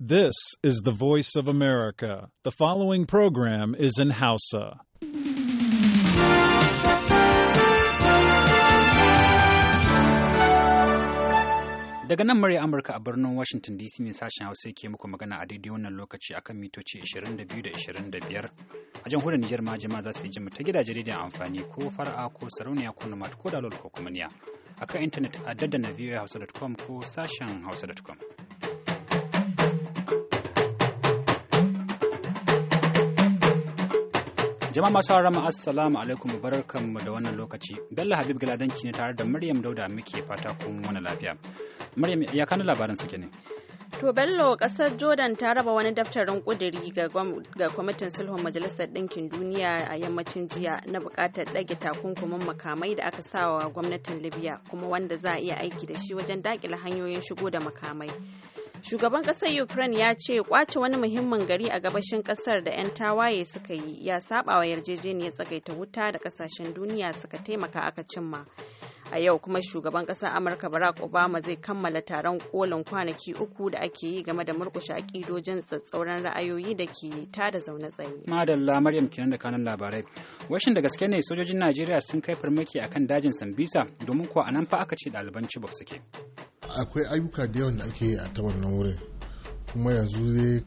This is the voice of America. The following program is in Hausa. Daga nan murya Amurka a birnin Washington DC ne sashen Hausa ke muku magana a daidai wannan lokaci akan mitoci 22 da 25. A jamhuriyar Nijar ma jama'a za su yi jimu ta gidajen rediyon amfani ko fara'a ko sarauniya ko nomad ko dalol ko kumaniya. Akan intanet a daddana voahausa.com ko sashen hausa.com. Jama'a masu rama assalamu alaikum mu da wannan lokaci. Bello Habib Galadanci ne tare da Maryam Dauda muke fata kun wani lafiya. Maryam ya kana labaran suke ne? To Bello kasar Jordan ta raba wani daftarin kuduri ga kwamitin sulhun Majalisar Ɗinkin Duniya a yammacin jiya na buƙatar ɗage takunkumin makamai da aka sawa gwamnatin Libya kuma wanda za a iya aiki da shi wajen daƙile hanyoyin shigo da makamai. Shugaban kasar Ukraine ya ce kwace wani muhimmin gari a gabashin kasar da 'yan tawaye suka yi ya saba wa yarjejeniyar tsagaita wuta da kasashen duniya suka taimaka aka cimma. a yau kuma shugaban ƙasar amurka barack obama zai kammala taron kolin kwanaki uku da ake yi game da murkushe akidojin tsatsauran ra'ayoyi da ke da zaune tsaye madalla maryam kenan da kanun labarai washin da gaske ne sojojin najeriya sun kai farmaki akan dajin sambisa domin kuwa anan fa aka ce ɗaliban chibok suke akwai ayyuka da yawan da ake yi a ta wannan wurin kuma yanzu zai.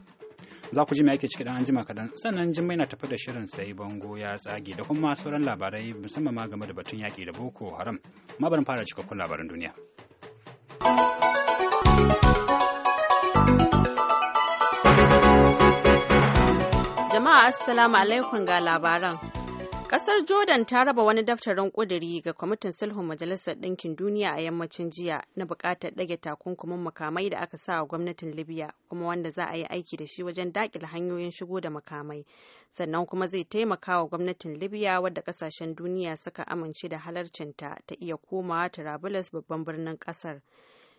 za ku ji mai ake ciki dan anjima kadan sannan jimai na tafi da shirin sai bango ya tsage da kuma sauran labarai musamman ma game da batun yaki da boko haram ma barin fara cikakkun labaran duniya jama'a assalamu alaikum ga labaran Kasar Jordan ta raba wani daftarin ƙuduri ga kwamitin sulhun Majalisar Ɗinkin Duniya a yammacin jiya na buƙatar ɗage takunkumin makamai da aka sa wa gwamnatin Libya kuma wanda za a yi aiki da shi wajen daƙile hanyoyin shigo da makamai. Sannan kuma zai taimaka wa gwamnatin Libya wadda ƙasashen duniya suka amince da halarcinta ta iya komawa Trablus babban birnin ƙasar.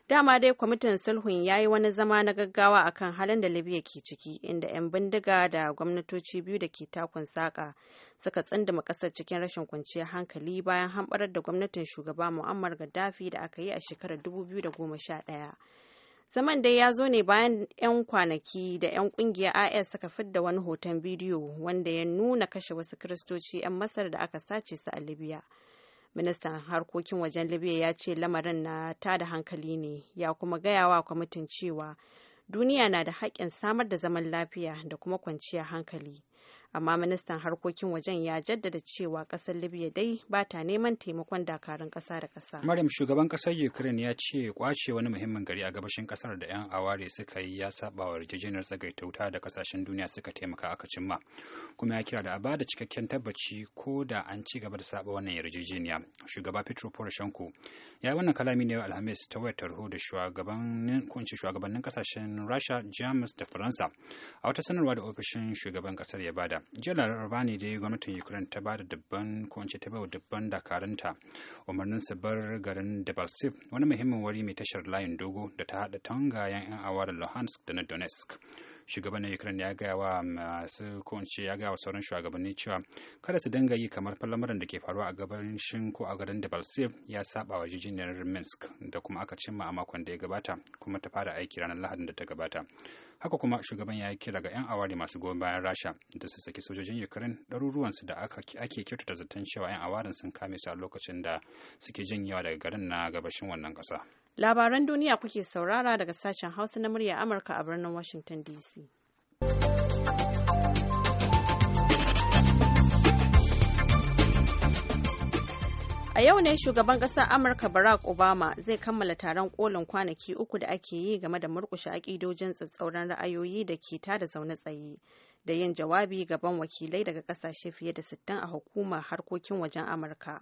dama dai kwamitin sulhun ya yi wani zama na gaggawa a kan halin da libya ke ciki inda 'yan bindiga da gwamnatoci biyu da ke takun saƙa suka tsindima ƙasar cikin rashin kwanciyar hankali bayan hamɓarar da gwamnatin shugaba muammar gaddafi da aka yi a shekarar 2011 zaman dai ya zo ne bayan 'yan kwanaki da 'yan kungiyar is suka fidda wani hoton bidiyo wanda ya nuna kashe wasu kiristoci 'yan masar da aka sace su a libya ministan harkokin wajen libya ya ce lamarin na da hankali ne ya kuma gaya wa kwamitin cewa duniya na da haƙƙin samar da zaman lafiya da kuma kwanciya hankali amma ministan harkokin wajen ya jaddada cewa kasar libya dai ba ta neman taimakon dakarun kasa da kasa maryam shugaban kasar ukraine ya ce kwace wani muhimmin gari a gabashin kasar da yan aware suka yi ya saba wa yarjejeniyar tsagaita wuta da kasashen duniya suka taimaka aka cimma kuma ya kira da a ba da cikakken tabbaci ko da an ci gaba da saba wannan yarjejeniya shugaba petro poroshenko ya yi wannan kalami ne alhamis ta wayar tarho da shugabannin shugabannin kasashen rasha jamus da faransa a wata sanarwa da ofishin shugaban kasar ya bada Siriya. Jiya laraba ne dai gwamnatin Ukraine ta ba da dubban ko ta bai dubban dakarunta umarnin su bar garin Debaltseve wani muhimmin wari mai tashar layin dogo da ta haɗa tangayen 'yan awarin Luhansk da na Donetsk. shugaban ukraine ya gaya wa masu kunce ya gaya wa sauran shugabanni cewa kada su dinga yi kamar falamuran da ke faruwa a gabashin ko a garin debalsev ya saba wa jijiyar minsk da kuma aka cimma a makon da ya gabata kuma ta fara aiki ranar lahadin da ta gabata haka kuma shugaban ya yi kira ga 'yan awari masu goyon bayan rasha da su saki sojojin ukraine ɗaruruwansu da ake kyautata zaton cewa 'yan awarin sun kame su a lokacin da suke janyewa daga garin na gabashin wannan ƙasa labaran duniya kuke saurara daga sashen hausa na murya amurka a birnin washington dc A yau ne shugaban ƙasar Amurka Barack Obama zai kammala taron kolin kwanaki uku da ake yi game da murkushe aƙidojin tsatsauran ra'ayoyi da ke tada zaune tsaye da yin jawabi gaban wakilai daga ƙasashe fiye da 60 a hukumar harkokin wajen Amurka.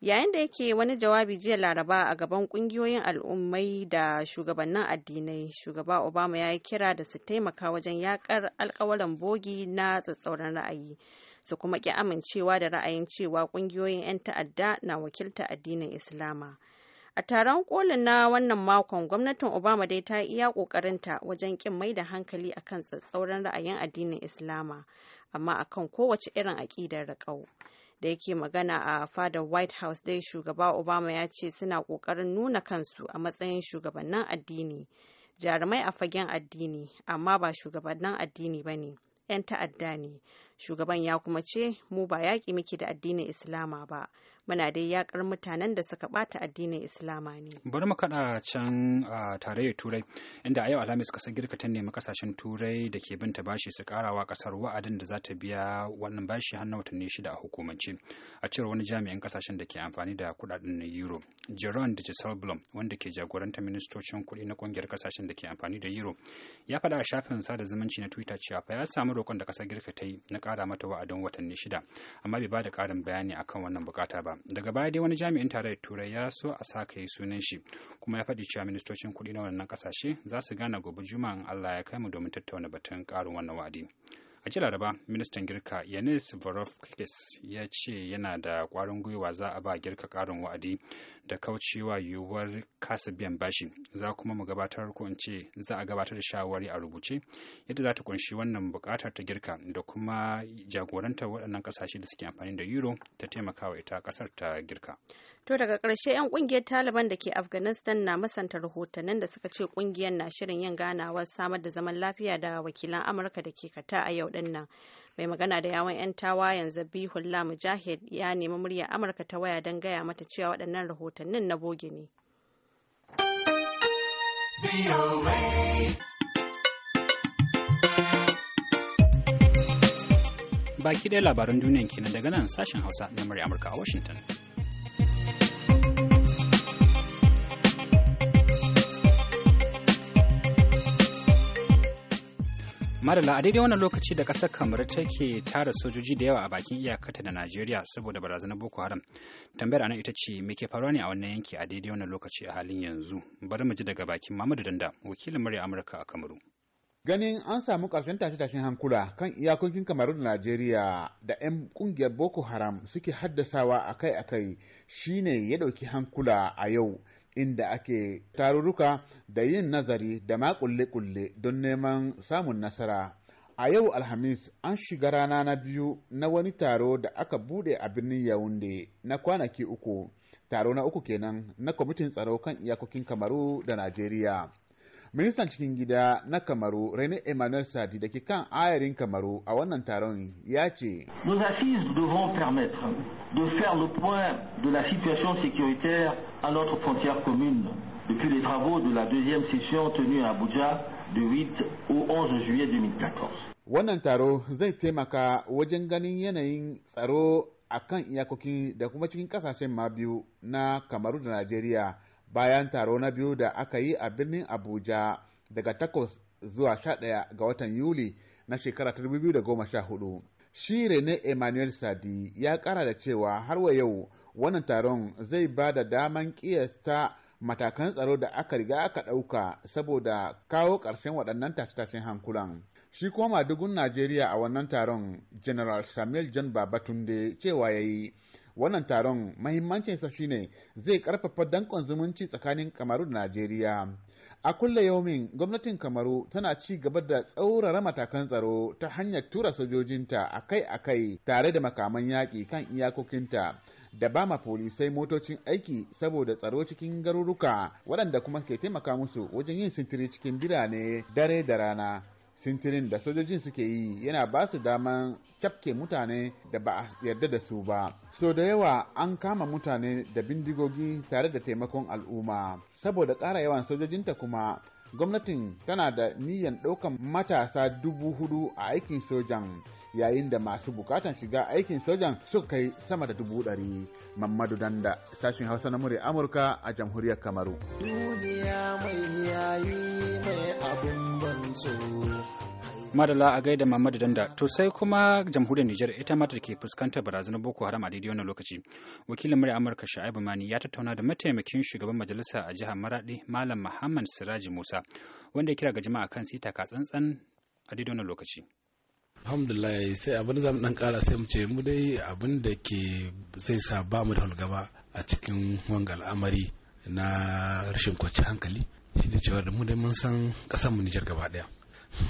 Yayin da yake wani jawabi jiya Laraba a gaban ƙungiyoyin al'ummai da shugabannin addinai, shugaba Obama ya yi kira da su taimaka wajen yakar alkawaran bogi na tsatsauran ra'ayi. su kuma ki amincewa da ra'ayin cewa ƙungiyoyin 'yan ta'adda na wakilta addinin Islama. A taron kolin na wannan makon gwamnatin Obama dai ta iya ƙoƙarinta wajen kin mai da hankali akan tsatsauran ra'ayin addinin Islama, amma akan kowace irin aƙidar raƙau. da yake magana a fadar white house dai shugaba obama ya ce suna kokarin nuna kansu a matsayin shugabannin addini jarumai a fagen addini amma ba shugabannin addini ba ne 'yan ta'adda ne shugaban ya kuma ce mu ba yaƙi muke da addinin islama ba muna dai yakar mutanen da suka bata addinin islama ne bari mu kada can a tarayyar turai inda a yau alhamis kasar girka ta nemi kasashen turai da ke binta bashi su karawa kasar wa'adin da za ta biya wannan bashi har na watanni shida a hukumance a cewar wani jami'in kasashen da ke amfani da kudaden na euro jerome de wanda ke jagoranta ministocin kuɗi na kungiyar kasashen da ke amfani da euro ya faɗa a shafin sada zumunci na twitter cewa fa ya samu roƙon da kasar girka ta yi na kara mata wa'adin watanni shida amma bai ba da bayani akan wannan bukata ba ba daga baya dai wani jami'in tarayyar turai ya so a saka yi sunan shi kuma ya faɗi cewa ministocin kuɗi na wannan ƙasashe za su gane gobe juma'an allah ya kai mu domin tattauna batun karin wannan wa'adi a jiya laraba ministan girka yanis varoufakis ya ce yana da kwarin gwiwa za a ba girka karin wa'adi da kaucewa yiwuwar kasa biyan bashi za kuma mu gabatar ko in ce za a gabatar da shawari a rubuce yadda za ta kunshi wannan bukatar ta girka da kuma jagorantar waɗannan kasashe da suke amfani da euro ta taimakawa ita kasar ta girka to daga ƙarshe 'yan ƙungiyar taliban da ke afghanistan na masanta rahotannin da suka ce ƙungiyar na shirin yin ganawar samar da zaman lafiya da wakilan amurka da ke kata a yau dinnan mai magana da yawon 'yan tawayen zabihullah mujahid ya nemi murya amurka ta waya don gaya mata cewa waɗannan rahotannin na boge ne baki ɗaya labaran duniyan kenan daga nan sashen hausa na murya amurka a washington madala a daidai wannan lokaci da ƙasar Kamaru take tara sojoji da yawa a bakin iyakata da Najeriya saboda barazanar Boko Haram. Tambayar anan ita ce me ke faruwa ne a wannan yanki a daidai wannan lokaci a halin yanzu. Bari mu ji daga bakin Mamadu Danda, wakilin murya Amurka a Kamaru. ganin an samu ƙarshen tashe-tashen hankula kan iyakokin kamaru da najeriya da 'yan ƙungiyar boko haram suke haddasawa akai-akai shine ya ɗauki hankula a yau inda ake tarurruka da yin nazari da ma kulle-kulle don neman samun nasara. A yau Alhamis an shiga rana na biyu na wani taro da aka bude a birnin Yaounde na kwanaki uku, taro na uku kenan na kwamitin tsaro kan iyakokin Kamaru da Najeriya. ministan cikin gida na kamaru rene emmanuel sadi da ke kan ayarin kamaru a wannan taron ya ce nos assises devront permettre de faire le point de la situation sécuritaire à notre frontière commune depuis les travaux de la deuxième session tenue à abuja du 8 au 11 juillet 2014 wannan taro zai taimaka wajen ganin yanayin tsaro a kan iyakoki da kuma cikin kasashen ma biyu na kamaru da najeriya bayan taro na biyu da aka yi a birnin Abuja daga takwas zuwa sha ɗaya ga watan Yuli na shekara ta biyu da goma sha hudu. Shi Rene Emmanuel Sadi ya kara da cewa har wa yau wannan taron zai ba da daman kiyasta matakan tsaro da aka riga aka ɗauka saboda kawo ƙarshen waɗannan tashe-tashen hankulan. Shi kuma madugun Najeriya a wannan taron General Samuel John Babatunde cewa ya yi wannan taron mahimmancinsa shine zai karfafa dankon zumunci tsakanin kamaru da najeriya a kulle yaumin gwamnatin kamaru tana ci gaba da tsaurara matakan tsaro ta hanyar tura sojojinta akai-akai tare da makaman yaƙi kan iyakokinta da ba ma polisai motocin aiki saboda tsaro cikin garuruka waɗanda kuma ke taimaka musu wajen yin sintiri cikin birane dare da rana sintirin da sojojin suke yi yana ba su daman cafke mutane da ba a yarda da su ba so da yawa an kama mutane da bindigogi tare da taimakon al'umma saboda ƙara yawan sojojinta kuma gwamnatin tana da niyyar ɗaukan matasa dubu hudu a aikin sojan yayin da masu bukatan shiga aikin sojan suka kai sama da dubu ɗari mamadu danda sashin hausa na murya amurka a jamhuriyar kamaru duniya mai yayi mai abin madala a gaida mamadu Danda to sai kuma jamhuriyar Nijar ita ma ke fuskantar barazanar Boko Haram a daidai wannan lokaci wakilin murya Amurka Sha'ibu Mani ya tattauna da mataimakin shugaban majalisa a jihar Maradi Malam Muhammad Siraji Musa wanda ya kira ga jama'a kan sita ka tsantsan a daidai wannan lokaci alhamdulillah sai abin da dan kara sai mu ce mu dai abin da ke sai sa ba mu da hulgaba a cikin wanga al'amari na rashin kwanciyar hankali shi da cewa da mu dai mun san kasar mu Nijar gaba daya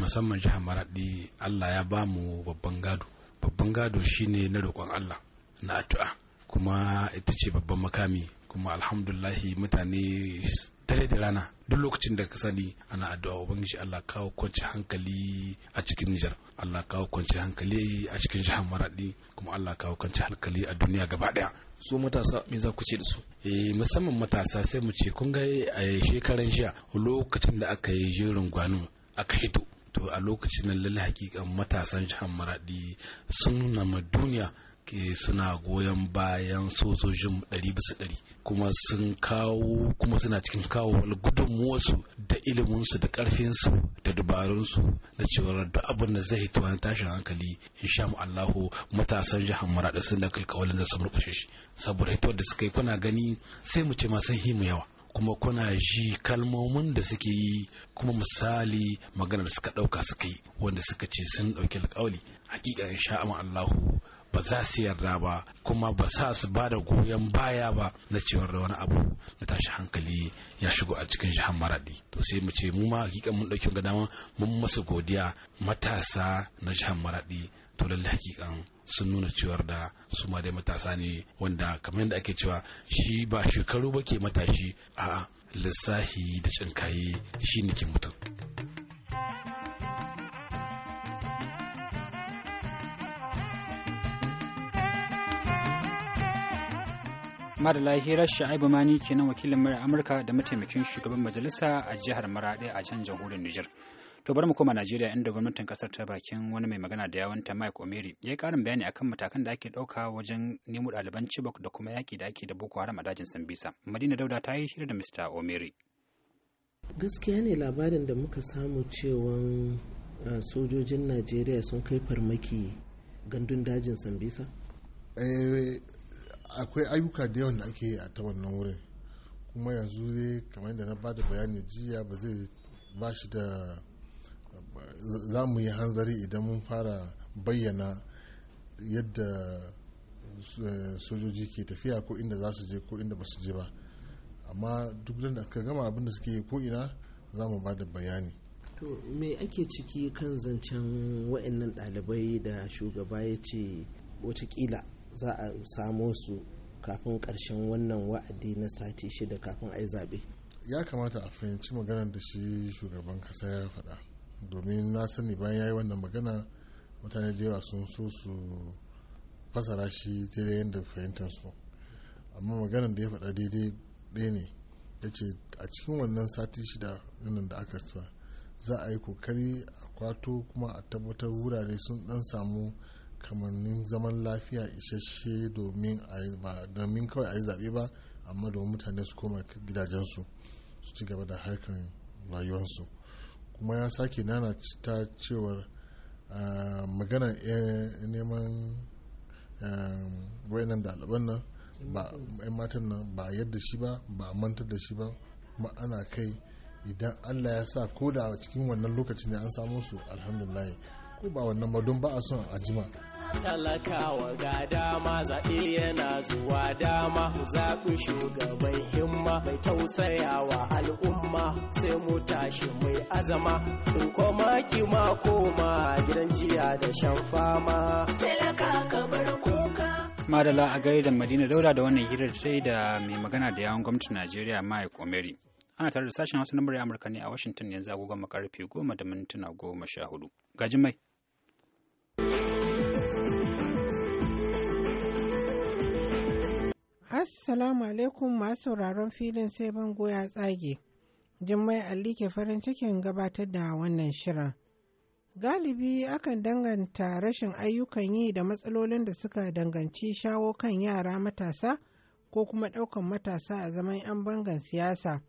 musamman jihar maradi allah ya ba mu babban gado babban gado shine na roƙon allah na addu'a kuma ita ce babban makami kuma alhamdulahi mutane dare da rana duk lokacin da ka sani ana addu'a ubangiji Allah kawo kwanci hankali a cikin Nijar Allah kawo kwanci hankali a cikin jihar Maradi kuma Allah kawo kwanci hankali a duniya gaba daya su matasa me za ku ce da su eh musamman matasa sai mu ce kun ga a eh, shekaran jiya lokacin da aka yi jerin gwanu aka hito to a lokacin nan lalle hakikan matasan jihar maradi sun nuna ma duniya ke suna goyon bayan sojojin ɗari bisa ɗari kuma sun kawo kuma suna cikin kawo wani gudunmuwarsu da iliminsu da ƙarfinsu da dabarunsu na cewar da abin da zai hito na tashin hankali in sha Allahu matasan jihar Maraɗi sun da kalkawalin da samar murkushe shi saboda hitowar da suka yi kuna gani sai mu ce ma sun himu yawa kuma kuna ji kalmomin da suke yi kuma misali maganar suka ɗauka suka yi wanda suka ce sun ɗauki alƙawali hakika in sha Allahu ba za su yarda ba kuma ba sa su ba da goyon baya ba na cewar da wani abu na tashi hankali ya shigo a cikin shahan maradi to sai mu ce mu ma hakika mun ɗauki dama mun masa godiya matasa na shahan maradi to lalle hakikan sun nuna cewar da su ma dai matasa ne wanda kamar yadda ake cewa shi ba shekaru ba ke matashi a lissahi da cinkaye shi ne ke mutum madala hirar sha'ibu mani kenan wakilin murar amurka da mataimakin shugaban majalisa a jihar maraɗe a can jamhuriyar nijar To bari mu koma Najeriya inda gwamnatin kasar ta bakin wani mai magana da yawanta Mike Omeri ya yi karin bayani akan matakan da ake dauka wajen nemo ɗaliban Chibok da kuma yaki da ake da Boko Haram a dajin Sambisa. Madina Dauda ta yi shirya da Mr. Omeri. Gaskiya ne labarin da muka samu cewa sojojin Najeriya sun kai farmaki gandun dajin Sambisa? Eh, akwai ayyuka da yawan da ake yi a ta wannan wurin kuma yanzu dai kamar yadda na bada bayani jiya ba zai ba shi da za mu yi hanzari idan mun fara bayyana yadda eh, sojoji ke tafiya ko inda za su je ko inda ba su je ba amma duk da aka gama abin da suke ko ina za mu ba da bayani to me ake ciki kan zancen wa'annan ɗalibai da shugaba ya ce watakila za a samo su kafin ƙarshen wannan wa'adi na sati shida kafin a yi zaɓe ya kamata a fahimci maganar da shi shugaban ƙasa ya faɗa domin na sani bayan ya yi wannan magana mutane da yawa sun so su fasara shi daidai yadda fahimtar su amma maganan da ya faɗa daidai ɗaya ne ya ce a cikin wannan sati shida nan da aka sa za a yi kokari a kwato kuma a tabbatar wurare sun dan samu kamannin zaman lafiya isasshe domin domin kawai a yi zaɓe ba amma domin mutane su koma gidajensu su ci gaba da harkar rayuwarsu kuma ya sake nana ta cewar ah, magana eh, neman eh, wayannan ɗaliban nan ba 'yan matan nan ba yadda shi ba ba mantar da shi ba kuma ana kai idan allah ya sa ko da cikin wannan lokaci ne an samu su alhamdulillah ko ba wannan ba don ba a son a jima talakawa ga dama zaɓe yana zuwa dama mu zaɓi shugaban himma mai tausayawa al'umma sai mu tashi mai azama in koma ki ma koma gidan jiya da shan fama talaka ka bar kuka madala a gaida madina daura da wannan hirar yi da mai magana da yawon gwamnatin najeriya mike omeri ana tare da sashen wasu namurai amurka ne a washington yanzu agogon makarfi goma da mintuna goma sha hudu gajimai Assalamu alaikum masu sauraron filin sai bango ya tsage. Jummai Ali ke farin cikin gabatar da wannan shirin. Galibi akan danganta rashin ayyukan yi da matsalolin da suka danganci shawo kan yara matasa ko kuma ɗaukan matasa a zaman 'yan bangan siyasa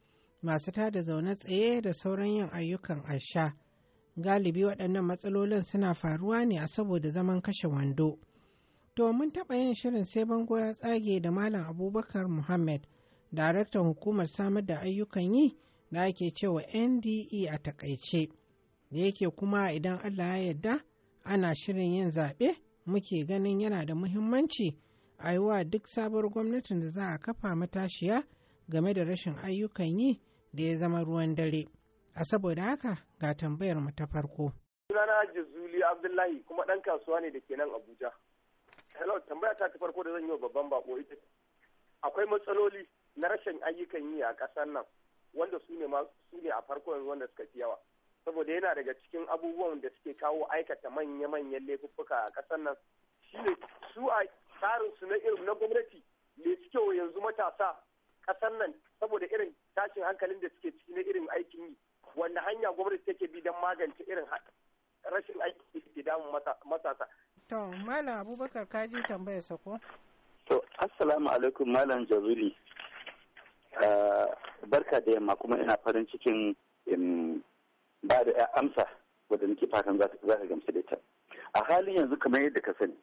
masu tada zaune tsaye da sauran yin ayyukan asha. Galibi waɗannan matsalolin suna faruwa ne a saboda zaman kashe wando. to mun taɓa yin shirin sai bango ya tsage da Malam Abubakar Muhammad, daraktan hukumar samar da ayyukan yi da ake cewa NDE a takaice. Da yake kuma idan Allah ya yarda ana shirin yin zaɓe muke ganin yana da muhimmanci a yi wa duk sabuwar gwamnatin da za a kafa matashiya game da rashin ayyukan yi da ya zama ruwan dare. A saboda haka ga tambayar mu ta farko. Sunana Jazuli Abdullahi kuma ɗan kasuwa ne da ke nan Abuja. hello tambaya ta ta farko da zan yi wa babban bako ita akwai matsaloli na rashin ayyukan yi a ƙasar nan wanda su ne a farko yanzu wanda suka fi yawa saboda yana daga cikin abubuwan da suke kawo aikata manya-manyan laifuffuka a ƙasar nan shine su a tsarin su na irin na gwamnati me suke yanzu matasa ƙasar nan saboda irin tashin hankalin da suke ciki na irin aikin yi wanda hanya gwamnati take bi don magance irin rashin aiki ke damun matasa. To, Malam Abubakar kaji tambaya sako. To, Assalamu alaikum Malam Jabiru. Ah, barka da yamma kuma ina farin cikin ba da amsa wadda nake fatan za ka gamsu da ita. A halin yanzu kamar yadda ka sani,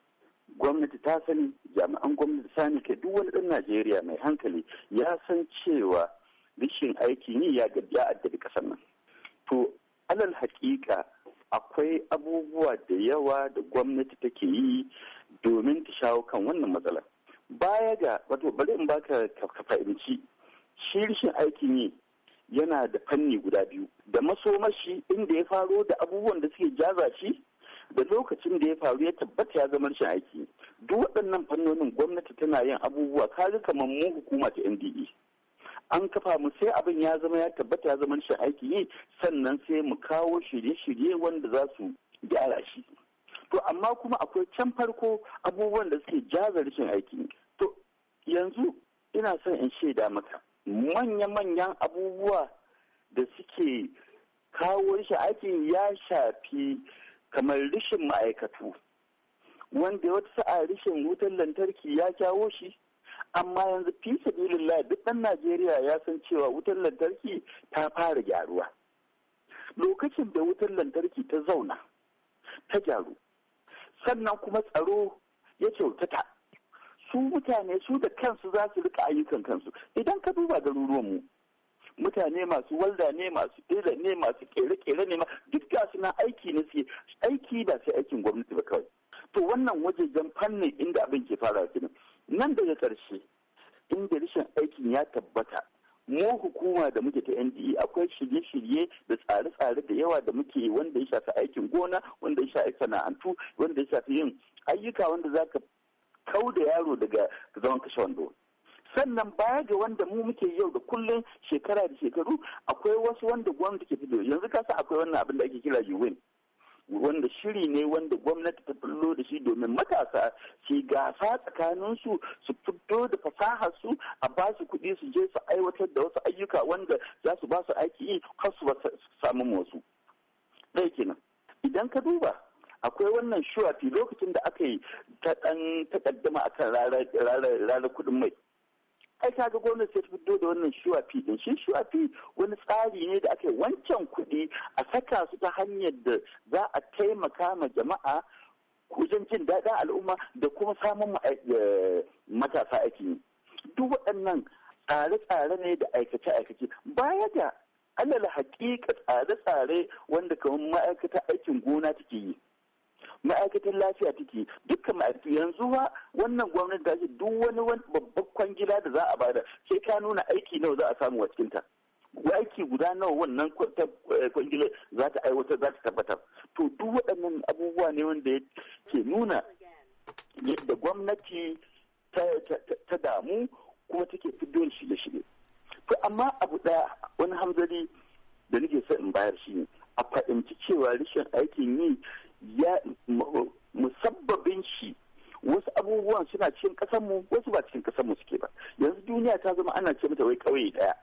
gwamnati ta sani jami'an gwamnati sani ke duk wani ɗan Najeriya mai hankali ya san cewa rashin aikin yi ya addabi ƙasar nan. To, alal haƙiƙa akwai abubuwa da yawa da gwamnati take yi domin ta shawo kan wannan matsalar baya ga wato bari in baka ka fahimci shi rashin aikin yi yana da fanni guda biyu da masomashi inda ya faro da abubuwan da suke jaza shi da lokacin da ya faru ya tabbata ya zama rashin aiki duk waɗannan fannonin gwamnati tana yin abubuwa kaga kamar mu hukuma ta NDE an kafa mu sai abin ya zama ya tabbata ya zama shi aiki yi sannan sai mu kawo shirye-shirye wanda za su gyara shi to amma kuma akwai can farko abubuwan da suke jaza rashin aiki to yanzu ina son in shaida maka manya-manyan abubuwa da suke kawo rashin aiki ya shafi kamar rishin ma'aikatu wanda wata sa'a rashin wutar lantarki ya kyawo shi amma yanzu fi sabilillah duk ɗan najeriya ya san cewa wutar lantarki ta fara gyaruwa lokacin da wutar lantarki ta zauna ta gyaru sannan kuma tsaro ya kyautata su mutane su da kansu za su rika ayyukan kansu idan ka duba garuruwanmu mutane masu walda ne masu ɗela ne masu kere-kere ne duk ga suna aiki na suke aiki ba sai aikin gwamnati ba kawai to wannan wajejen fannin inda abin ke fara kenan nan daga ƙarshe inda rashin aikin ya tabbata mu hukuma da muke ta NDE akwai shirye-shirye da tsare-tsare da yawa da muke wanda ya shafi aikin gona wanda ya shafi sana'antu wanda ya shafi yin ayyuka wanda za ka kau da yaro daga zaman kashe wando sannan baya ga wanda mu muke yau da kullum shekara da shekaru akwai wasu wanda gwamnati ke fito yanzu ka akwai wannan abin da ake kira UN wanda shiri ne wanda gwamnati ta fullo da shi domin matasa ke gasa tsakanin su su fito da fasahar su a ba su kuɗi su je su aiwatar da wasu ayyuka wanda za su ba su aiki yi har su samu wasu. Ɗaya kenan. Idan ka duba akwai wannan shuwafi lokacin da aka yi ta ɗan takaddama akan rara kuɗin mai. ai ga gwamnati ta fito da wannan shuwafi din shi shuwafi wani tsari ne da aka yi wancan kuɗi a saka su ta hanyar da za a taimaka ma jama'a wajen jin daɗin al'umma da kuma samun eh, matasa aiki duk waɗannan tsare-tsare ne da aikace-aikace baya da alal haƙiƙa tsare-tsare wanda kamar ma'aikata aikin gona take yi ma'aikatan lafiya take dukkan ma'aikatu yanzu ba wannan gwamnati ta ce duk wani babban kwangila da za a bada sai ka nuna aiki nawa za a samu a cikin ta aiki guda nawa wannan eh, kwangila za ta aiwatar za ta tabbatar to duk waɗannan abubuwa ne wanda ke nuna yadda gwamnati ta damu kuma take fidowar shirye-shirye to amma abu ɗaya wani hamzari da nake so in bayar shi ne a fahimci cewa rashin aikin yi musabbabin shi wasu abubuwan suna cikin mu wasu ba cikin mu suke ba yanzu duniya ta zama ana ce mata wai ƙauye daya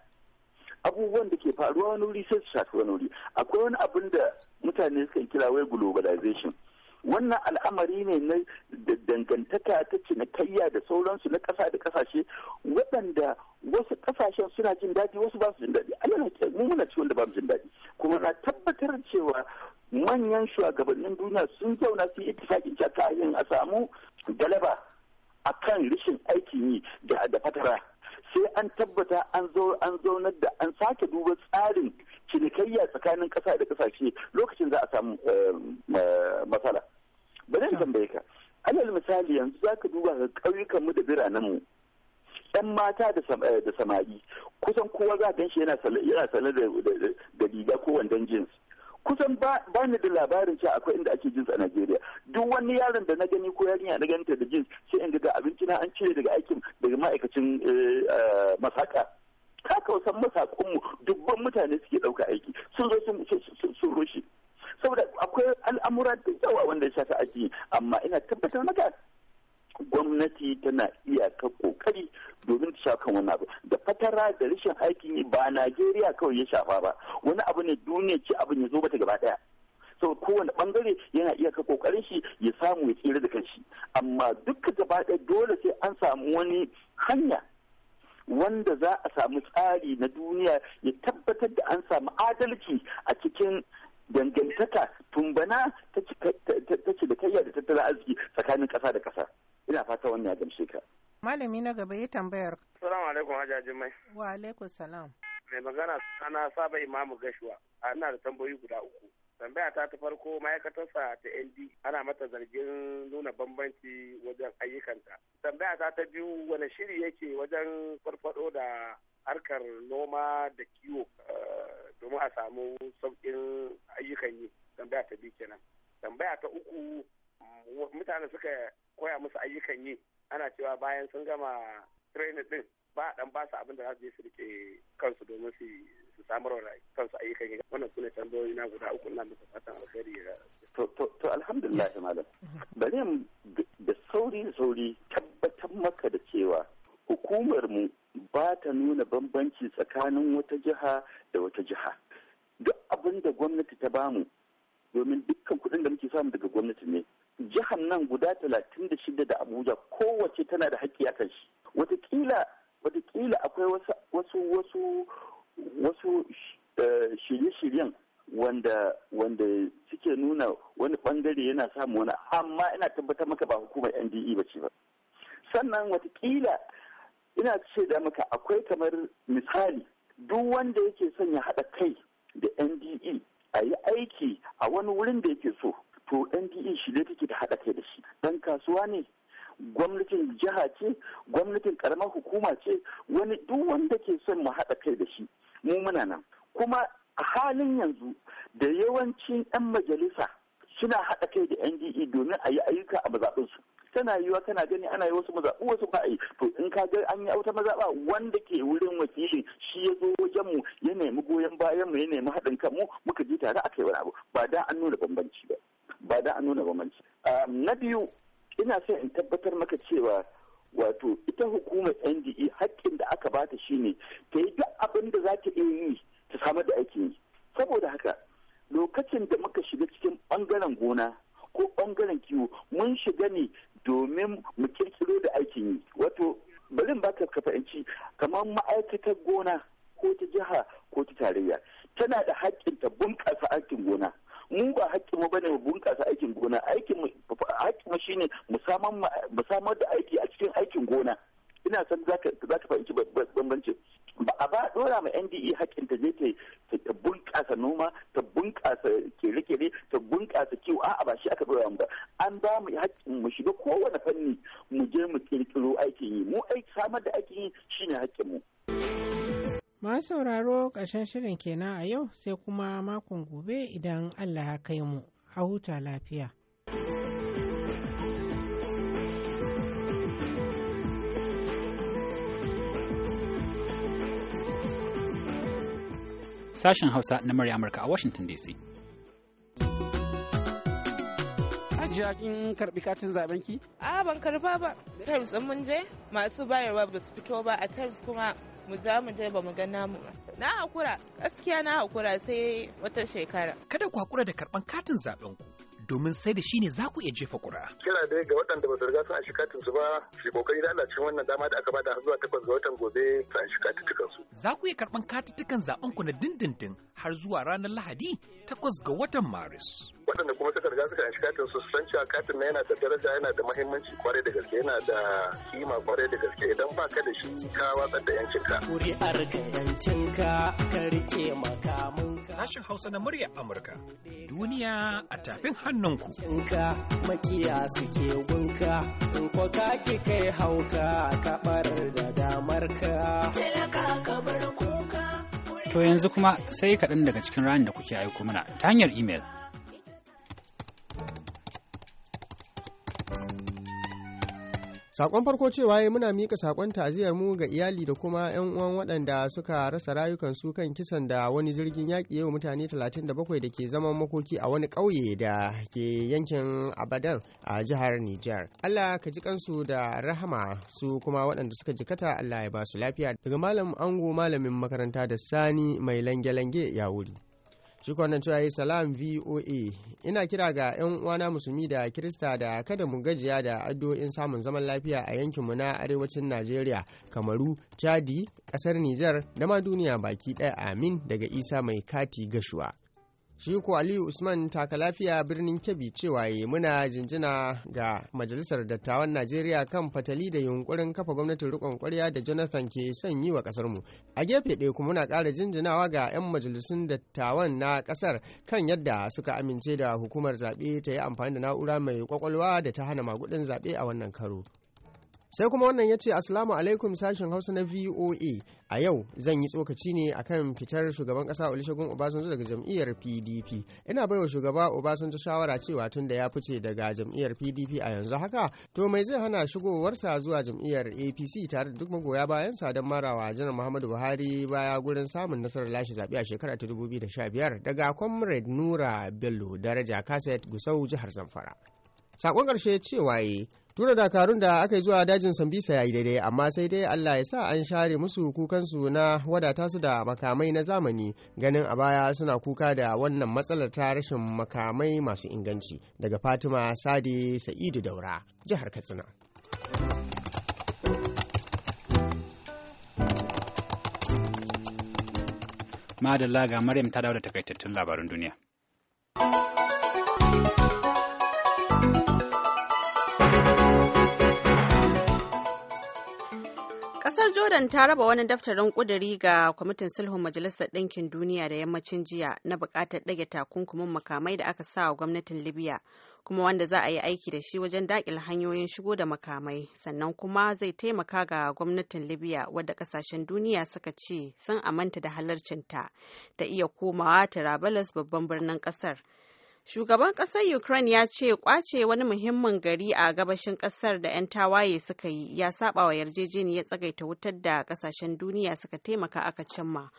abubuwan da ke faruwa wani wuri sai su shafi wani wuri akwai wani abin da mutane suka kira wai globalization wannan al'amari ne na dangantaka ta cinikayya da sauransu na kasa da ƙasashe waɗanda wasu ƙasashen suna jin daɗi wasu ba su jin daɗi alal mu muna ci wanda ba mu jin daɗi kuma na tabbatar cewa manyan shugabannin duniya sun zauna su yi ittifaqin cewa a samu galaba a kan rashin aikin yi da fatara sai an tabbata an zo an zaunar da an sake duba tsarin cinikayya tsakanin ƙasa da ƙasashe lokacin za a samu eh, eh, matsala ba zan tambaye ka alal misali yanzu za ka duba ga ƙauyukan mu da biranen mu yan mata eh, da samari kusan kowa za a ganshi yana sanar da riga ko wandon jeans kusan ba ni da labarin cewa akwai inda ake jins a Najeriya duk wani yaron da na gani ko yarinya na ganta da jins sai in ga abinci na an cire daga aikin daga ma'aikacin eh, ah, masaka haka wasan masakunmu dubban mutane suke ɗauka aiki sun zo sun rushe saboda akwai al'amura da yawa wanda ya shafi aji amma ina tabbatar maka gwamnati tana iyaka kokari domin ta shafa wani abu da fatara da rashin aikin yi ba najeriya kawai ya shafa ba wani abu ne duniya ce abin ya zo bata gaba daya sau kowane bangare yana iyaka kokarin shi ya samu ya tsira da kanshi amma duka gaba daya dole sai an samu wani hanya wanda za a samu tsari na duniya ya tabbatar da an samu adalci a cikin dangantaka tumbana ta cinikayya da tattalin arziki tsakanin ƙasa da ƙasa. ina fata wannan ya gamshe ka malami na gaba ya tambayar assalamu alaikum hajjajin mai wa alaikum salam mai magana sana saba imamu gashuwa ana da tambayoyi guda uku tambaya ta ta farko ma'aikatarsa ta nd ana mata zargin nuna bambanci wajen ayyukanta tambaya ta ta biyu wani shiri yake wajen farfado da harkar noma da kiwo eh, domin a samu sauƙin ayyukan yi tambaya ta biyu kenan tambaya ta uku mutane suka koya musu ayyukan yi ana cewa bayan sun gama training din ba dan basu su abin da za su je su rike kansu domin su su samar wa kansu ayyukan yi wannan sune tambayoyi na guda uku na musu fatan alheri to to to alhamdulillah malam bari da sauri sauri tabbatar maka da cewa hukumar mu ba ta nuna bambanci tsakanin wata jiha da wata jiha duk abin gwamnati ta bamu domin dukkan kuɗin da muke samu daga gwamnati ne jihar nan guda talatin da shida da abuja kowace tana da haƙƙi a kan shi watakila akwai wasu wasu wasu eh, shirye-shiryen wanda suke nuna wani bangare yana samu wani amma ina tabbatar maka ba hukumar NDE ba ce ba sannan watakila ina ce da maka akwai kamar misali duk wanda yake son ya haɗa kai da NDE a yi aiki a wani wurin da yake so to NDE shi ne take da haɗa kai da shi dan kasuwa ne gwamnatin jiha ce gwamnatin karamar hukuma ce wani duk wanda ke son mu haɗa kai da shi mu muna nan kuma a halin yanzu da yawancin 'yan majalisa suna haɗa kai da NDE domin a yi ayyuka a mazaɓinsu. tana yiwa kana gani ana yi wasu mazaɓu wasu ba yi to in ka ga an yi wata mazaɓa wanda ke wurin wakilin shi ya zo wajen mu ya nemi goyon bayanmu ya nemi haɗin kanmu muka ji tare akai kai wani abu ba da an nuna bambanci ba ba da a nuna bambanci na biyu ina so in tabbatar maka cewa wato ita hukumar NDE haƙƙin da aka bata shine ta yi duk abin da za ta iya yi ta samar da aikin yi saboda haka lokacin da muka shiga cikin ɓangaren gona ko ɓangaren kiwo mun shiga ne domin mu kirkiro da aikin yi wato bari in baka ka fahimci kamar ma'aikatar gona ko ta jiha ko ta tarayya tana da haƙƙin ta bunƙasa aikin gona mu ba haƙƙin mu bane mu bunƙasa aikin gona aikin haƙƙin mu shine mu samar da aiki a cikin aikin gona ina san zaka zaka fahimci bambancin ba a ba dora ma NDE haƙƙin ta je ta bunƙasa noma ta bunƙasa kere-kere ta bunƙasa kiwo a'a ba shi aka dora mu ba an ba mu haƙƙin mu shiga kowane fanni mu je mu kirkiro aikin yi mu aiki samar da aikin yi shine haƙƙin mu Masu sauraro ƙarshen shirin kenan a yau sai kuma makon gobe idan Allah ya kai mu a huta lafiya. Sashen Hausa na murya Amurka a Washington DC. Ajiya kin karbi katin zaben ki? A ban karba ba. Terms mun je masu bayarwa ba su fito ba a terms kuma mu za mu je ba mu ga namu na hakura gaskiya na hakura sai wata shekara kada ku hakura da karban katin zaben ku domin sai da shi ne za ku iya jefa kura. Kira dai ga waɗanda ba su riga sun shi katin su ba, shi kokari da Allah wannan dama da aka bada zuwa takwas ga watan gobe su an tukan su. Za ku iya karɓan tukan zaɓen ku na dindindin har zuwa ranar Lahadi takwas ga watan Maris. waɗanda kuma suka riga suka shiga katin su san cewa katin na yana da daraja yana da mahimmanci kwarai da gaske yana da kima kwarai da gaske idan ba ka da shi ka watsar da yancinka. Kuri'ar ka yancinka ka rike ka? Sashen Hausa na murya Amurka. Duniya a tafin hannunku. ka makiya suke gunka in ko ka ki kai hauka ka barar da damarka. Talaka ka bar kuka. To yanzu kuma sai kaɗan daga cikin ranar da kuke aiko mana ta hanyar imel. Sakon farko cewa ya muna mika sakon ta'aziyar mu ga iyali da kuma 'yan uwan waɗanda suka rasa rayukan su kan kisan da wani jirgin yaƙi yau mutane 37 da ke zaman makoki a wani ƙauye da ke yankin Abadan a jihar Nijar. Allah ka ji kansu da rahama su kuma waɗanda suka jikata Allah ya ba su lafiya daga malam ango malamin makaranta da sani mai lange-lange ya wuri. shi kwanan cewa salam voa ina kira ga 'yan uwana musulmi da kirista da kada mu gajiya da addu'o'in samun zaman lafiya a yankinmu na arewacin najeriya kamaru chadi kasar nijar da ma duniya baki ɗaya amin daga isa mai kati gashuwa shi ko aliyu usman taka lafiya birnin kebbi cewa yi muna jinjina ga majalisar dattawan najeriya kan fatali da yunkurin kafa gwamnatin rikon kwarya da jonathan ke son yi wa kasar mu a gefe ɗaya kuma muna ƙara jinjinawa ga 'yan majalisun dattawan na ƙasar kan yadda suka amince da hukumar zaɓe ta yi amfani da na'ura mai ƙwaƙwalwa da ta hana magudin zaɓe a wannan karo sai kuma wannan ya ce asalamu alaikum sashen hausa na voa a yau zan yi tsokaci ne akan fitar shugaban kasa olusegun obasanjo daga jam'iyyar pdp ina baiwa shugaba obasanjo shawara cewa tun da ya fice daga jam'iyyar pdp a yanzu haka to mai zai hana shigowarsa zuwa jam'iyyar apc tare da duk magoya bayansa don marawa janar muhammadu buhari baya gurin samun nasarar lashe zaɓe a shekara ta 2015 daga comrade nura bello daraja kaset gusau jihar zamfara sakon karshe cewa yi tura dakarun da aka yi zuwa dajin sambisa ya yi daidai amma sai dai allah ya sa an share musu kukansu na wadata su da makamai na zamani ganin a baya suna kuka da wannan matsalar ta rashin makamai masu inganci daga fatima sadi sa'idu daura jihar katsina madalla ga maryam ta dawo da takaitattun labarin duniya Kasar Jordan ta raba wani daftarin kuduri ga kwamitin sulhun Majalisar Ɗinkin Duniya da yammacin jiya na buƙatar ɗage takunkumin makamai da aka sa wa gwamnatin Libya, kuma wanda za a yi aiki da shi wajen daƙil hanyoyin shigo da makamai, sannan kuma zai taimaka ga gwamnatin Libya wadda ƙasashen duniya suka ce sun amanta da halarcinta da iya komawa babban birnin ƙasar. Shugaban ƙasar Ukraine ya ce kwace wani muhimmin gari a gabashin ƙasar da 'yan tawaye suka yi ya saba wa yarjejeniyar tsagaita wutar da ƙasashen duniya suka taimaka aka cimma.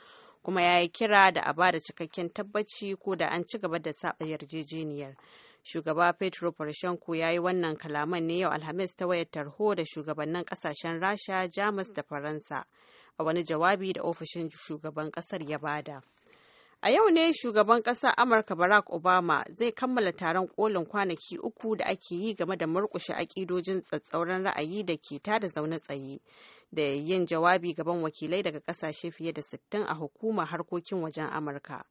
kuma ya yi kira da a bada cikakken tabbaci ko da an ci gaba da saba yarjejeniyar. Shugaba Petro Poroshenko ya yi wannan kalaman ne yau Alhamis ta wayar tarho da shugabannin kasashen Rasha, Jamus da Faransa a wani jawabi da ofishin shugaban kasar ya bada. A yau ne shugaban ƙasar Amurka Barack Obama zai kammala taron kolin kwanaki uku da ake yi game da murƙushe aƙidojin tsatsauran ra'ayi da ke tada zaune tsaye da yin jawabi gaban wakilai daga ƙasashe fiye da 60 a hukumar harkokin wajen Amurka.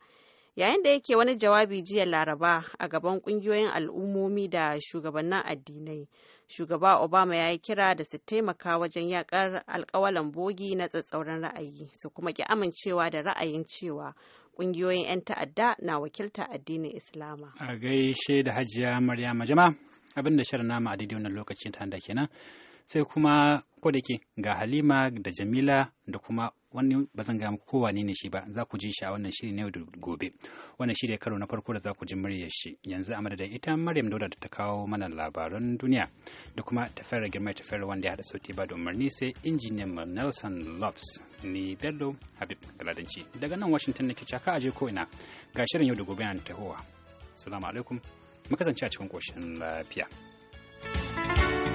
yayin da yake wani jawabi jiya laraba a gaban kungiyoyin al'ummomi da shugabannin addinai shugaba obama ya yi kira da su taimaka wajen yakar alkawalan bogi na tsatsauran ra'ayi su kuma ki amincewa da ra'ayin cewa kungiyoyin 'yan ta'adda na wakilta addinin islama a gaishe da hajiya maryama jama abin da shirin nama a daidai wannan lokacin ta kenan sai kuma ko da ke ga halima da jamila da kuma wani ba zan gaya muku kowane ne shi ba za ku ji shi a wannan shiri ne da gobe wannan shiri karo na farko da za ku ji muryar shi yanzu a madadin ita maryam dauda da ta kawo mana labaran duniya da kuma tafiyar girma tafiyar wanda ya haɗa sauti ba domin ni sai injiniyan nelson lobs ni bello habib galadanci daga nan washington nake caka aje ko ina ga shirin yau da gobe yana tahowa salamu alaikum mu kasance a cikin koshin lafiya thank you